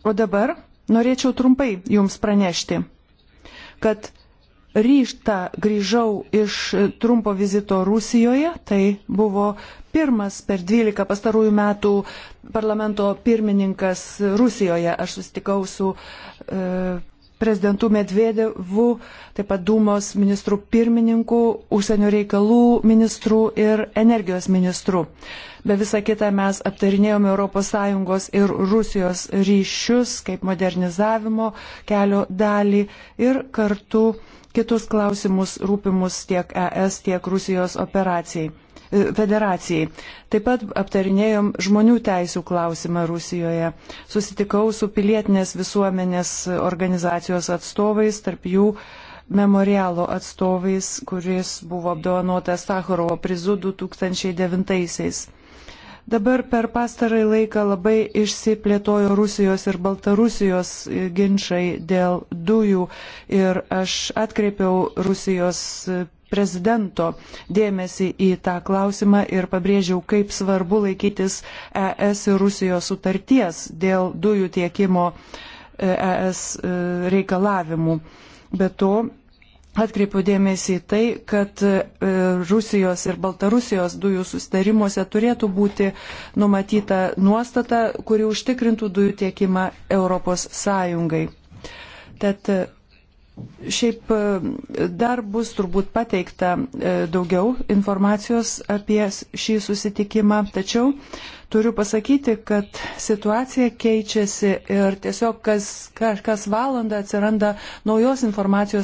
O dabar norėčiau trumpai Jums pranešti, kad ryštą grįžau iš trumpo vizito Rusijoje, tai buvo pirmas per 12 pastarųjų metų parlamento pirmininkas Rusijoje. Aš susitikau su e, prezidentų Medvedevų, taip pat Dūmos ministrų pirmininkų, užsienio reikalų ministrų ir energijos ministrų. Be visą kitą mes aptarinėjome ES ir Rusijos ryšius kaip modernizavimo kelio dalį ir kartu kitus klausimus rūpimus tiek ES, tiek Rusijos operacijai federacijai. Taip pat aptarinėjom žmonių teisų klausimą Rusijoje. Susitikau su pilietinės visuomenės organizacijos atstovais, tarp jų memorialo atstovais, kuris buvo apdovanotas Sakharovo prizu 2009-aisiais. Dabar per pastarąjį laiką labai išsiplėtojo Rusijos ir Baltarusijos e, ginčiai dėl dujų ir aš atkreipiau Rusijos e, prezidento dėmesį į tą klausimą ir pabrėžiau, kaip svarbu laikytis ES ir Rusijos sutarties dėl dujų tiekimo ES e e, reikalavimų. Be to, atkreipiu dėmesį į tai, kad e, Rusijos ir Baltarusijos dujų sustarimuose turėtų būti numatyta nuostata, kuri užtikrintų dujų tiekimą Europos Sąjungai. Tad Šiaip e, dar bus turbūt pateikta e, daugiau informacijos apie šį susitikimą, tačiau turiu pasakyti, kad situacija keičiasi ir tiesiog kas, kas, kas valandą atsiranda naujos informacijos